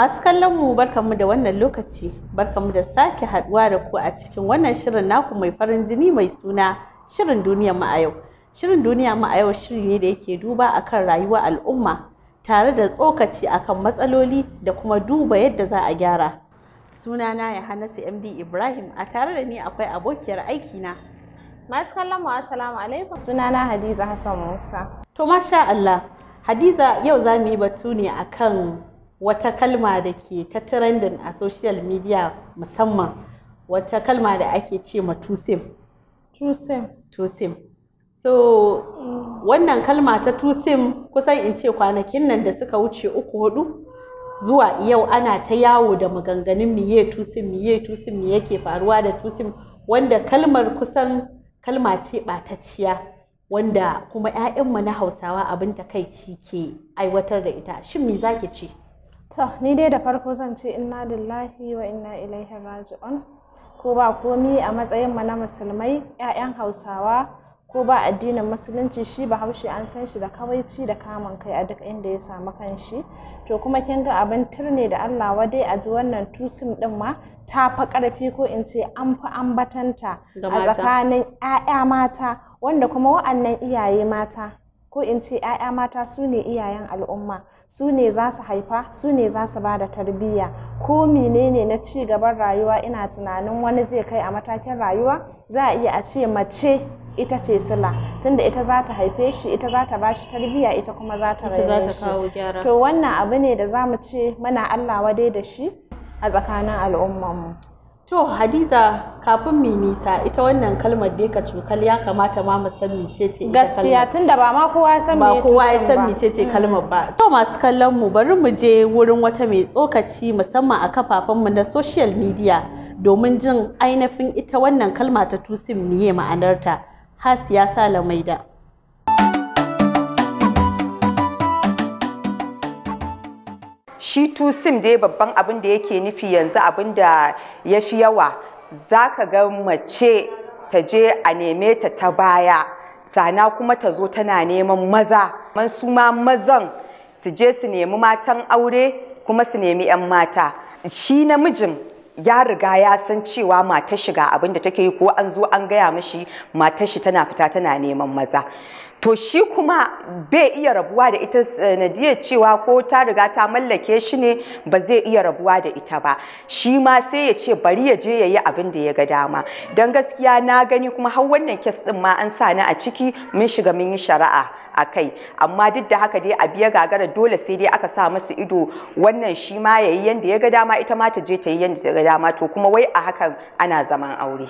Masu kallon mu barkanmu da wannan lokaci, barkanmu da sake haduwa da ku a cikin wannan shirin naku mai farin jini mai suna Shirin Duniyar mu a yau. Shirin duniya mu a yau shiri ne da yake duba akan rayuwa al'umma tare da tsokaci akan matsaloli da kuma duba yadda za a gyara. Suna ya Yohanasu MD Ibrahim a tare da ni akwai abokiyar aiki na. Masu kallon mu assalamu alaikum. Sunana Hadiza Hassan Musa. To masha Allah, Hadiza yau za mu yi batu ne akan wata kalma da ke ta trending a social media musamman wata kalma da ake ce ma tusim tusim tusim so wannan kalma ta tusim kusan in ce kwanakin nan da suka wuce uku hudu zuwa yau ana ta yawo da maganganun miye tusim miye tusim me yake faruwa da tusim wanda kalmar kusan kalma ce ɓatacciya wanda kuma 'ya'yanmu na hausawa abin takaici ke aiwatar da ita shin me zaki ce To, ni dai da farko zan ce inna lillahi wa inna ilaihi raji'un. Ko ba komi a matsayin mu na musulmai, ƴaƴan Hausawa, ko ba addinin musulunci shi Bahaushe an san shi da kawaici da kamun kai a duk inda ya samu kanshi. To kuma kin ga abin turne da Allah wa dai a ji wannan tusin din ma ta fa ƙarfi ko in ce an fi ambatanta a tsakanin ƴaƴa mata wanda kuma wa'annan iyaye mata ko in ce 'ya'ya mata su ne iyayen al'umma su ne za su haifa su ne za su ba da tarbiyya ko menene na ci gaban rayuwa ina tunanin wani zai kai a matakin rayuwa za a iya a ce mace ita ce sila tunda ita za ta haife shi ita za ta bashi tarbiyya ita kuma za ta rayu shi to wannan abu ne da za mu ce muna Allah wadai da shi a tsakanin mu. to hadiza kafin mai nisa ita wannan kalmar dai ka cukal ya kamata ma mu san ce ita gaskiya da ba ma kowa ya san ba kowa ya san mm. kalmar ba to masu kallon mu bari mu je wurin wata mai tsokaci musamman a kafafen mu na social media domin jin ainihin ita wannan kalma ta tusin miye ma'anarta hasiya salamaida shi tusim dai babban abin da yake nufi yanzu abin da ya fi yawa za ka ga mace ta je a neme ta ta baya sana kuma ta zo tana neman maza man su ma mazan su je su nemi matan aure kuma su nemi 'yan mata shi namijin ya riga ya san cewa matar shiga abin da take yi ko an zo an gaya mashi Mata shi tana fita tana neman maza to shi kuma bai iya rabuwa da ita sanadiyar eh, cewa ko ta riga ta mallake shi ne ba zai iya rabuwa da ita ba shi ma sai ya ce bari ya je ya yi abin da ya ga dama don gaskiya na gani kuma har wannan kes din ma an sa ni a ciki mun shiga mun yi shari'a a kai amma duk da haka dai a biya gagara dole sai dai aka sa masu ido wannan shi ma ya yi yanda ya ga dama ita ma ta je ta yi yanda ta ga dama to kuma wai a hakan ana zaman aure.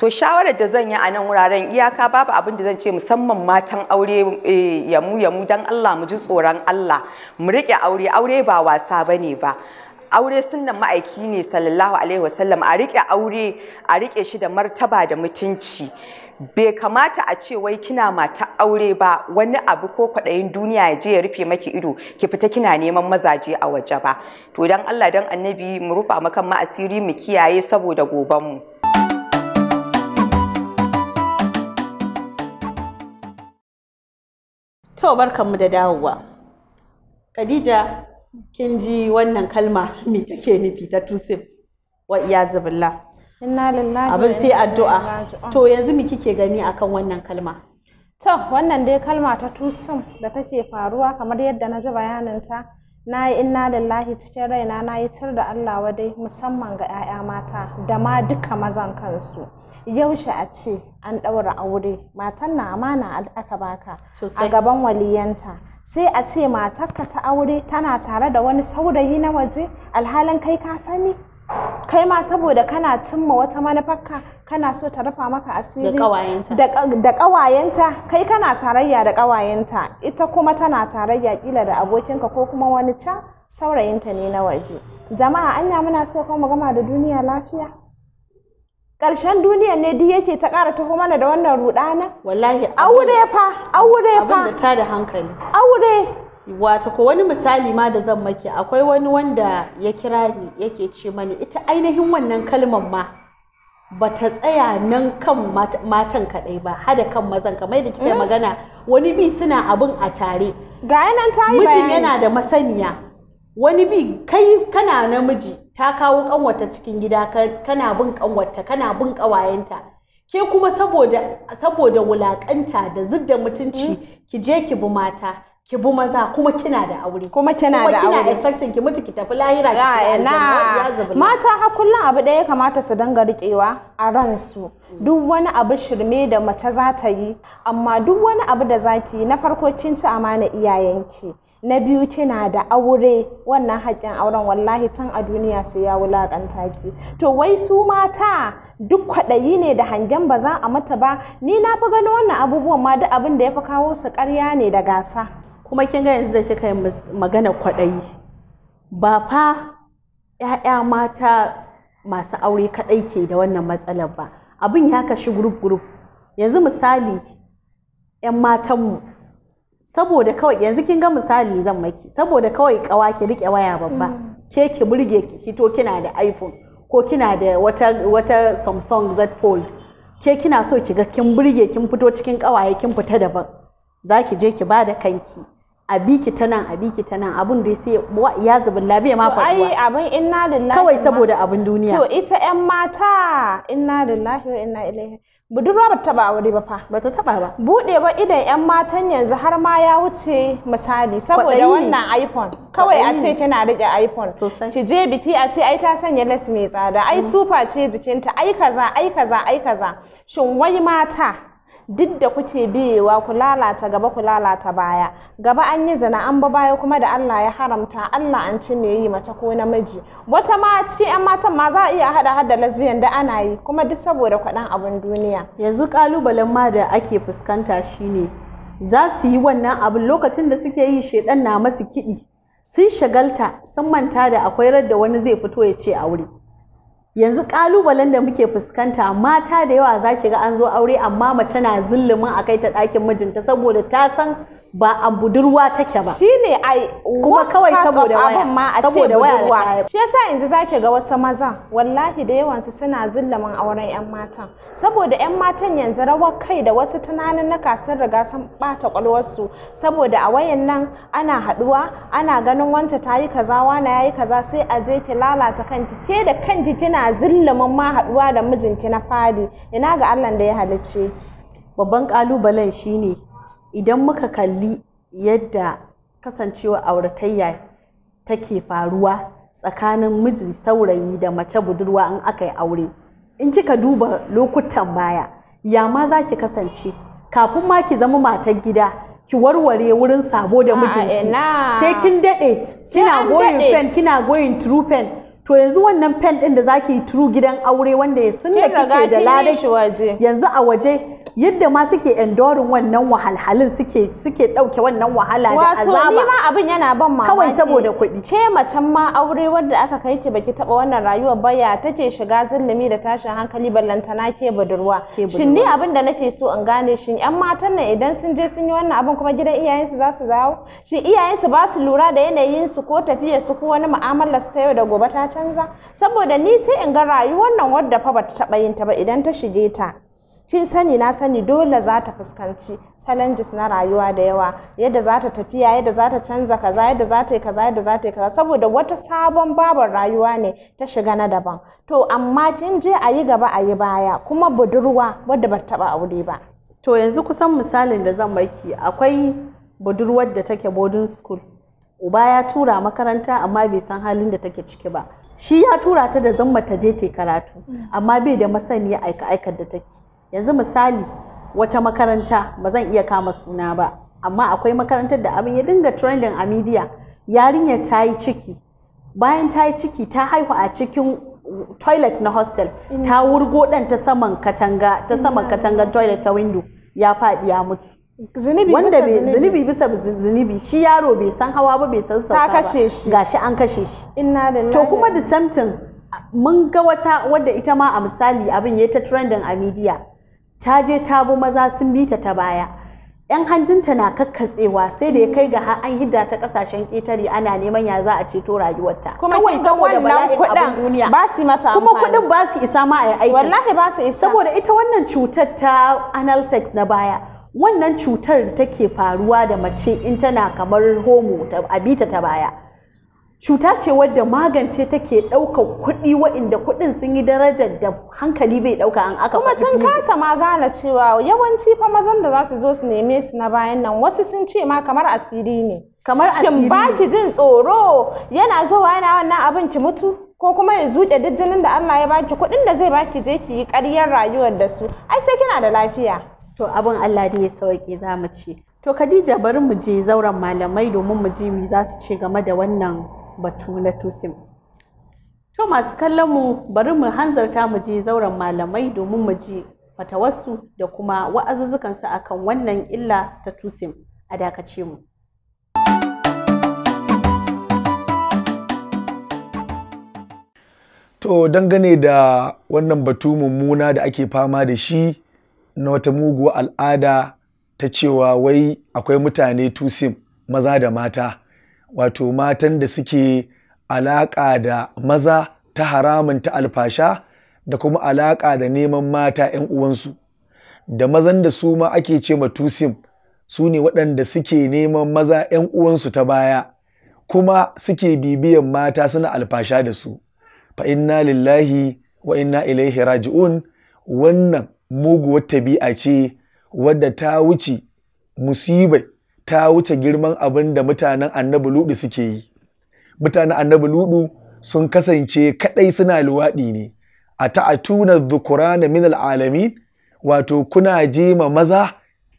to shawarar da zan yi a nan wuraren iyaka babu abin da zan ce musamman matan aure ya eh, ya mu dan Allah mu ji tsoron Allah mu riƙe aure aure ba wasa bane ba aure sunnan ma'aiki ne sallallahu alaihi wasallam a rike aure a rike shi da martaba da mutunci bai kamata a ce wai kina mata aure ba wani abu ko kwaɗayin duniya ya je ya rufe maki ido ki fita kina neman mazaje a waje ba to dan Allah dan annabi mu rufa makan ma asiri mu kiyaye saboda goban mu To barkanmu da dawowa. Khadija kin ji wannan kalma mai take nufi ta tusif wa iyazu billah. Inna lillahi Abin sai addu'a. To yanzu me kike gani akan wannan kalma? To wannan dai kalma ta tusum da take faruwa kamar yadda na ji bayanin ta na yi inna lillahi cikin raina na yi tar da Allah wadai musamman ga 'ya'ya mata da ma duka mazan kansu yaushe a ce an ɗaura aure matan na amana aka baka a gaban waliyanta sai a ce matarka ta aure tana tare da wani saurayi na waje alhalin kai ka sani kai ma saboda kana cimma wata manufarka kana so ta rufa maka asiri da ƙawayenta kai kana tarayya da ƙawayenta ita kuma tana tarayya kila da abokinka ko kuma wani can saurayinta ne na waje jama'a anya muna so kuma gama da duniya lafiya ƙarshen duniya ne duk yake ta ƙara taho mana da wannan ruɗana wallahi aure fa aure fa abin ta da hankali aure wato ko wani misali ma da zan maki akwai wani wanda ya kira ni yake ce mani ita ainihin wannan kalmar ma ba ta tsaya nan kan matan kaɗai ba hada kan mazan kamar da kika mm. magana wani bi suna abin a tare ga nan ta yi mijin yana da masaniya wani bi kai kana namiji ta kawo kanwata cikin gida kana bin kanwata kana bin kawayenta ke kuma saboda saboda wulakanta da zidda mutunci mm. ki je ki bi mata ki bi maza kuma kina da aure kuma kina da aure kuma kina expecting ki mutu ki tafi lahira ki na mata har kullun abu ɗaya kamata su danga riƙewa a ransu duk wani abu shirme da mace za ta yi amma duk wani abu da zaki na farko kin ci amana iyayenki na biyu kina da aure wannan haƙƙin auren wallahi tun a duniya sai ya wulaƙanta ki to wai su mata duk kwaɗayi ne da hangen ba za a mata ba ni na fi ganin wannan abubuwan ma duk abin da ya fi kawo su ƙarya ne da gasa kuma kin ga yanzu da kika yi magana kwaɗayi ba fa 'ya'ya mata masu aure kaɗai ke da wannan matsalar ba abin ya kashi gurup gurup yanzu misali 'yan matanmu saboda kawai yanzu kin ga misali zan maki saboda kawai kawa ke rike waya babba mm. ke ki burge ki hito kina da iphone ko kina da wata wata samsung z fold ke kina so ki ga kin burge kin fito cikin kawaye kin fita daban za ki je ki ba da kanki a biki ta nan a biki ta nan abun da sai ya zubin labiya ma faruwa ai abin inna lillahi kawai saboda abin duniya to ita yan mata inna lillahi wa inna ilaihi budurwa ba ta ba aure ba fa ba ta taba ba bude ba idan yan matan yanzu har ma ya wuce misali saboda wannan iPhone kawai a ce kina rike iPhone ki je biki a ce ai ta sanya less mai tsada ai mm. sufa ce jikinta ai kaza ai kaza ai kaza shin wai mata duk da kuke biyewa ku lalata gaba ku lalata baya gaba an yi zina an ba baya kuma da Allah ya haramta Allah an ci me yi mata ko namiji wata ma cikin yan matan ma za a iya hada hada lesbian da ana yi kuma duk saboda kwaɗan abin duniya yanzu ƙalubalen ma da ake fuskanta shine za su yi wannan abin lokacin da suke yi shedan na masu kiɗi sun shagalta sun manta da akwai radda wani zai fito ya ce aure yanzu ƙalubalen da muke fuskanta mata da yawa za ki ga an zo aure amma mace na zillumin a kai ta ɗakin mijinta saboda ta san ba a budurwa take ba shi a ai kuma kawai saboda waya saboda waya shi yasa yanzu zaki ga wasu maza wallahi da yawansu su suna zillaman auren yan matan saboda yan matan yanzu rawar kai da wasu tunanin na kasar riga sun bata kwalwar su saboda a wayan nan ana haduwa ana ganin wanta tayi kaza wana yi kaza sai a je ki lalata kanki ke da kanki kina zillaman ma haduwa da mijinki na fadi ina ga Allah da ya halicce babban kalubalen shine idan muka kalli yadda kasancewa auratayya take faruwa tsakanin miji saurayi da mace budurwa in aka yi aure in kika duba lokutan baya ya ma za ki kasance kafin ma ki zama matar gida ki warware wurin sabo da mijinki sai kin daɗe kina goyin fen kina goyin true fen to yanzu wannan fen ɗin da zaki yi turu gidan aure wanda ya sun da kice da ladaki yanzu a waje yadda ma suke endorin wannan wahalhalin suke dauke wannan wahala da azaba wato ni abin yana ban mamaki kawai saboda kuɗi ke macen ma aure wadda aka kai ki baki taba wannan rayuwar baya take shiga zulumi da tashin hankali ballantana ke budurwa shin ni abin da nake so in gane shin yan matan nan idan sun je sun yi wannan abin kuma gidan iyayensu za su dawo shin iyayensu ba su lura da yanayin su ko tafiyar su ko wani mu'amala su ta yau da gobe ta canza saboda ni sai in ga rayuwar nan wadda fa bata taba yin ta ba idan ta shige ta shi sani na sani dole za ta fuskanci challenges na rayuwa da yawa yadda za ta tafiya yadda za ta canza kaza yadda za ta yi kaza yadda za ta yi kaza saboda wata sabon babar rayuwa ne ta shiga na daban to amma kin je a yi gaba a yi baya kuma budurwa wadda ba taba aure ba to yanzu kusan misalin da zan baki akwai budurwar da take boarding school uba ya tura makaranta amma bai san halin da take ciki ba shi ya tura ta da zan ta je ta karatu mm. amma bai da masani aika aikar da take yanzu misali wata makaranta ba zan iya kama suna ba amma akwai makarantar da abin ya dinga trending a media Yarinya ta yi ciki bayan ta yi ciki ta haihu a cikin toilet na hostel mm. ta wurgo ɗan ta saman katanga ta mm. saman katangan toilet ta window ya faɗi ya mutu wanda zunubi bisa zunubi shi yaro bai san hawa ba bai san sauka ba gashi an kashe shi Inna da to kuma The samtin mun ga wata wadda ita ma a misali abin ya ta trending a media ta je ta bu maza sun bi ta ta baya yan hanjinta na kakkatsewa sai da ya kai ga har an hidda ta kasashen ƙetare ana neman ya za a ceto rayuwarta kawai saboda bala'in abin duniya ba su mata kuma kuɗin ba su isa ma a aiki wallahi ba su isa saboda ita wannan cutar ta anal sex na baya wannan cutar da take faruwa da mace in tana kamar homo ta abita ta baya cuta ce wadda magance take ɗaukar kuɗi wa'inda kuɗin sun yi darajar da hankali bai ɗauka an aka kuma sun kasa ma gane cewa yawanci fa mazan da za su zo su neme su na bayan nan wasu sun ce ma kamar asiri ne kamar asiri shin baki jin tsoro yana zuwa yana wannan abin ki mutu ko kuma ya zuƙe duk jinin da Allah ya baki kuɗin da zai baki je ki yi ƙaryar rayuwar da su ai sai kina da lafiya to abin Allah ne ya sauke za mu ce to Khadija bari mu je zauren malamai domin mu ji me za su ce game da wannan batu na tusim to masu kallon mu bari mu hanzarta mu je zauren malamai domin mu ji fatawarsu da kuma wa'azuzzukansu akan wannan illa ta tusim a dakace mu To dangane da wannan batu mummuna da ake fama da shi na wata muguwa al'ada ta cewa wai akwai mutane tusim maza da mata wato matan da suke alaƙa da maza ta haramun ta alfasha da kuma alaƙa da neman mata 'yan uwansu da mazan da su ma ake ce matusim su ne waɗanda suke neman maza 'yan uwansu ta baya kuma suke bibiyan mata suna alfasha da su fa'inna lillahi wa inna ilaihi wannan muguwar tabi'a ce wadda ta wuce musibai ta wuce girman abin da mutanen annabi ludu suke yi mutanen annabi ludu sun kasance kadai suna luwaɗi ne a ta'atuna dhukurana min alalamin wato kuna jima maza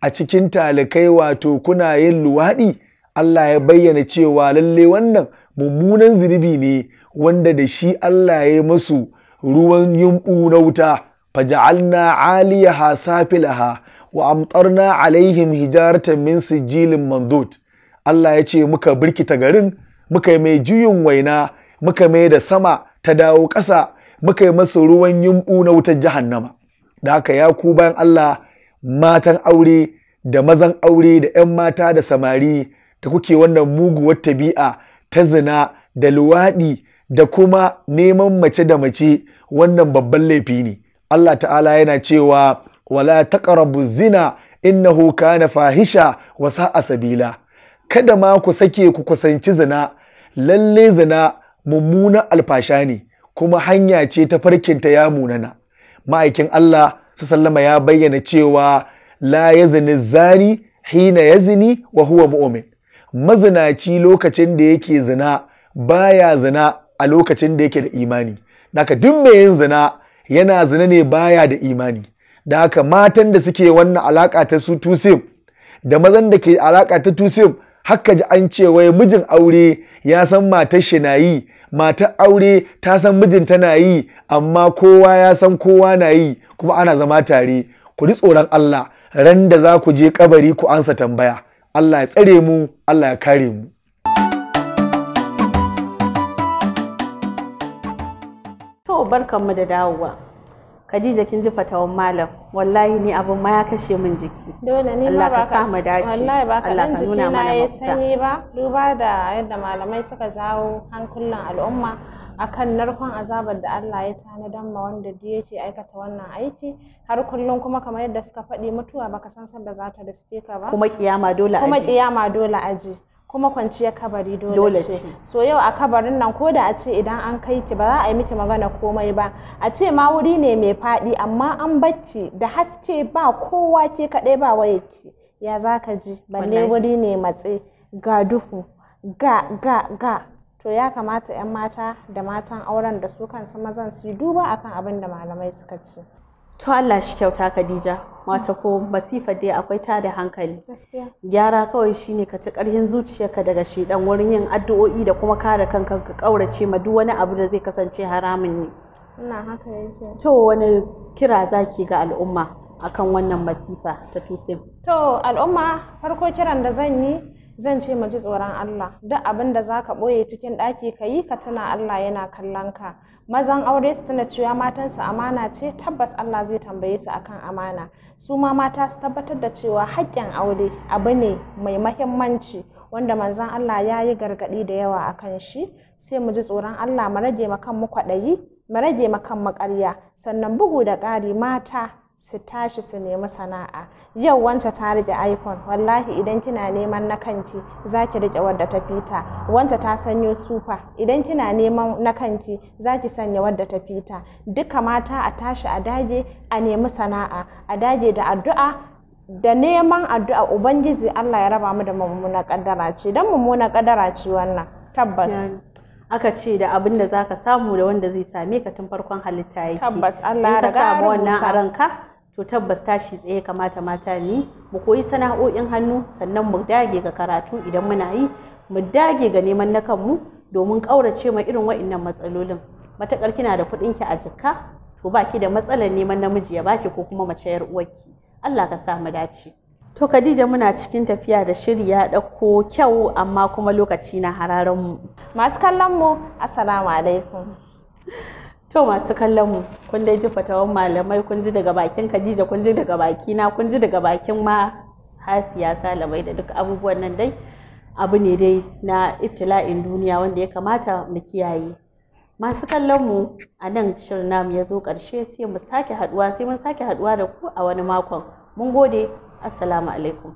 a cikin talikai wato kuna yin luwaɗi Allah ya bayyana cewa lalle wannan mummunan zunubi ne wanda da shi Allah ya masu ruwan yumɓu na wuta faja'alna aliyaha safilaha wa amtarna alaihim hijaratan min sijilin mandud Allah ya ce muka birkita garin muka mai juyin waina muka mai da sama ta dawo ƙasa muka yi masa ruwan yumɓu na wutar jahannama da haka ya ku bayan Allah matan aure da mazan aure da 'yan mata da samari da kuke wannan muguwar tabi'a ta zina da luwaɗi da kuma neman mace da mace wannan babban laifi ne Allah ta'ala yana cewa wala in zina huka na fahisha wasa sa'a kada ma ku sake ku kusanci zina lalle zina mummunan alfasha ne kuma hanya ce ta farkinta ya munana ma'aikin Allah su sallama ya bayyana cewa la ya zini zani hina ya zini wa huwa mu'min mazinaci lokacin da yake zina baya zina a lokacin da yake da imani naka duk mai yin zina yana zina ne baya da imani da haka matan da suke wannan alaƙa ta su tusif da mazan da ke alaƙa ta tusif haka ji an ce wai mijin aure ya san matar shi na yi matar aure ta san mijin tana yi amma kowa ya san kowa na yi kuma ana zama tare ku ji tsoron Allah ran da za ku je kabari ku ansa tambaya Allah ya tsare mu Allah ya kare mu to barkanmu da dawowa Khadija kin ji fatawan malam wallahi ni abin ma ya kashe min jiki dole ni Allah ka sa mu dace wallahi ba ka nuna mana mafita sanyi ba duba da yadda malamai suka jawo hankulan al'umma akan narkon azabar da Allah ya tanadar ma wanda duk yake aikata wannan aiki har kullum kuma kamar yadda suka faɗi mutuwa baka san sanda za ta riske ka ba kuma kiyama dole aje kuma kiyama dole aje kuma kwanciyar kabari dole ce so yau a kabarin nan ko da a ce idan an kai ki ba za a yi miki magana komai ba a ce ma wuri ne mai faɗi amma an bacci da haske ba kowa ke kaɗai ba wayarki ya za ka ji balle wuri ne matse ga duhu ga ga ga to ya kamata 'yan mata da matan auren da su kansu mazan su yi duba akan abin da malamai suka ce to Allah shi kyauta Khadija mata ko masifa dai akwai ta da hankali gyara kawai shine ka ci karfin zuciyarka daga shedan wurin yin addu'o'i da kuma kare kanka ka kaurace ma duk wani abu da zai kasance haramun ne to wani kira zaki ga al'umma akan wannan masifa ta tusim to al'umma farko kiran da zan yi zan ce mu ji tsoron Allah duk abin da zaka ɓoye cikin ɗaki ka yi ka tuna Allah yana kallon ka mazan aure su tuna cewa matansu amana ce tabbas Allah zai tambaye su akan amana su ma mata su tabbatar da cewa haƙƙin aure abu ne mai mahimmanci wanda manzon Allah ya yi gargaɗi da yawa a kan shi sai mu ji tsoron Allah mu rage ma mu kwaɗayi mu rage makan mu ƙarya sannan bugu da ƙari mata su tashi su nemi sana'a yau wance ta rike iphone wallahi idan kina neman na kanki za ki rike wadda ta fita wance ta sanyo sufa idan kina neman na kanki za ki sanya wadda ta fita duka mata a tashi a dage a nemi sana'a a dage da addu'a da neman addu'a ubangiji allah ya raba mu da mummuna kaddara ce don mummuna kaddara ce wannan tabbas aka ce da abin da ka samu da wanda zai same ka tun farkon halitta yake tabbas Allah ya ka mu wannan a ranka to tabbas tashi tsaye kamata mata ni mu koyi sana'o'in hannu sannan mu dage ga karatu idan muna yi mu dage ga neman na kanmu domin ƙaurace ma irin wa'innan matsalolin matakar kina da kuɗin ki a jikka to baki da matsalar neman namiji ya baki ko kuma mace yar uwarki Allah ka sa mu dace To Khadija muna cikin tafiya da shirya ya ɗauko kyau amma kuma lokaci na hararen mu. Masu kallon mu Assalamu alaikum. To masu kallon mu kun dai ji fatawan malamai kun ji daga bakin Khadija kun ji daga baki kun ji daga bakin ma hasiya salamai da duk abubuwan nan dai abu ne dai na iftila'in duniya wanda ya kamata mu kiyaye. Masu kallon mu a nan shirin namu ya zo ƙarshe sai mu sake haɗuwa sai mun sake haɗuwa da ku a wani makon. Mun gode assalamu alaikum